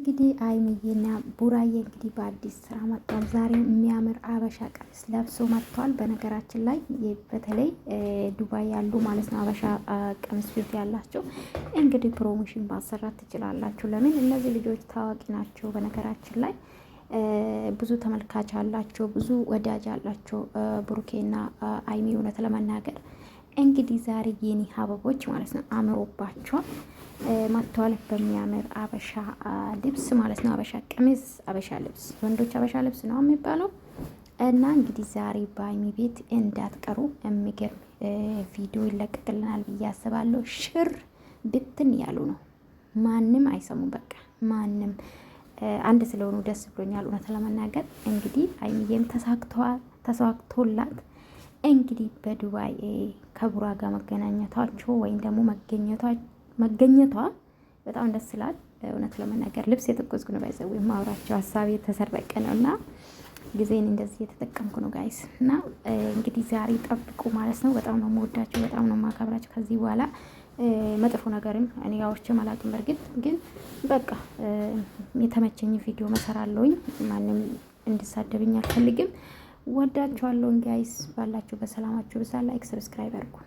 እንግዲህ አይምዬና ቡራዬ እንግዲህ በአዲስ ስራ መጥቷል። ዛሬ የሚያምር አበሻ ቀሚስ ለብሶ መጥቷል። በነገራችን ላይ በተለይ ዱባይ ያሉ ማለት ነው አበሻ ቀሚስ ፊት ያላቸው እንግዲህ ፕሮሞሽን ማሰራት ትችላላችሁ። ለምን እነዚህ ልጆች ታዋቂ ናቸው። በነገራችን ላይ ብዙ ተመልካች አላቸው፣ ብዙ ወዳጅ አላቸው ብሩኬና ሀይሚ እውነት ለመናገር እንግዲህ ዛሬ የኔ አበቦች ማለት ነው አምሮባቸዋል መጥተዋል። በሚያምር አበሻ ልብስ ማለት ነው አበሻ ቀሚስ፣ አበሻ ልብስ፣ ወንዶች አበሻ ልብስ ነው የሚባለው እና እንግዲህ ዛሬ በሀይሚ ቤት እንዳትቀሩ የሚገርም ቪዲዮ ይለቀቅልናል ብዬ አስባለሁ። ሽር ብትን ያሉ ነው ማንም አይሰሙም። በቃ ማንም አንድ ስለሆኑ ደስ ብሎኛል እውነት ለመናገር እንግዲህ ሀይሚዬም ተሳክተዋል ተሳክቶላት እንግዲህ በዱባይ ከቡራ ጋር መገናኘታቸው ወይም ደግሞ መገኘቷ በጣም ደስ ይላል። እውነት ለመናገር ልብስ የጠቆዝኩ ነው ባይዘ ወይም ማውራቸው ሀሳብ የተሰረቀ ነው እና ጊዜን እንደዚህ የተጠቀምኩ ነው ጋይስ። እና እንግዲህ ዛሬ ጠብቁ ማለት ነው። በጣም ነው መወዳቸው፣ በጣም ነው የማከብራቸው። ከዚህ በኋላ መጥፎ ነገርም እኔ አውርቼም አላውቅም። በእርግጥ ግን በቃ የተመቸኝ ቪዲዮ መሰራለውኝ ማንም እንድሳደብኝ አልፈልግም። ወዳችኋለሁ። እንጋይስ ባላችሁ በሰላማችሁ ብዛ። ላይክ ሰብስክራይብ አድርጉ።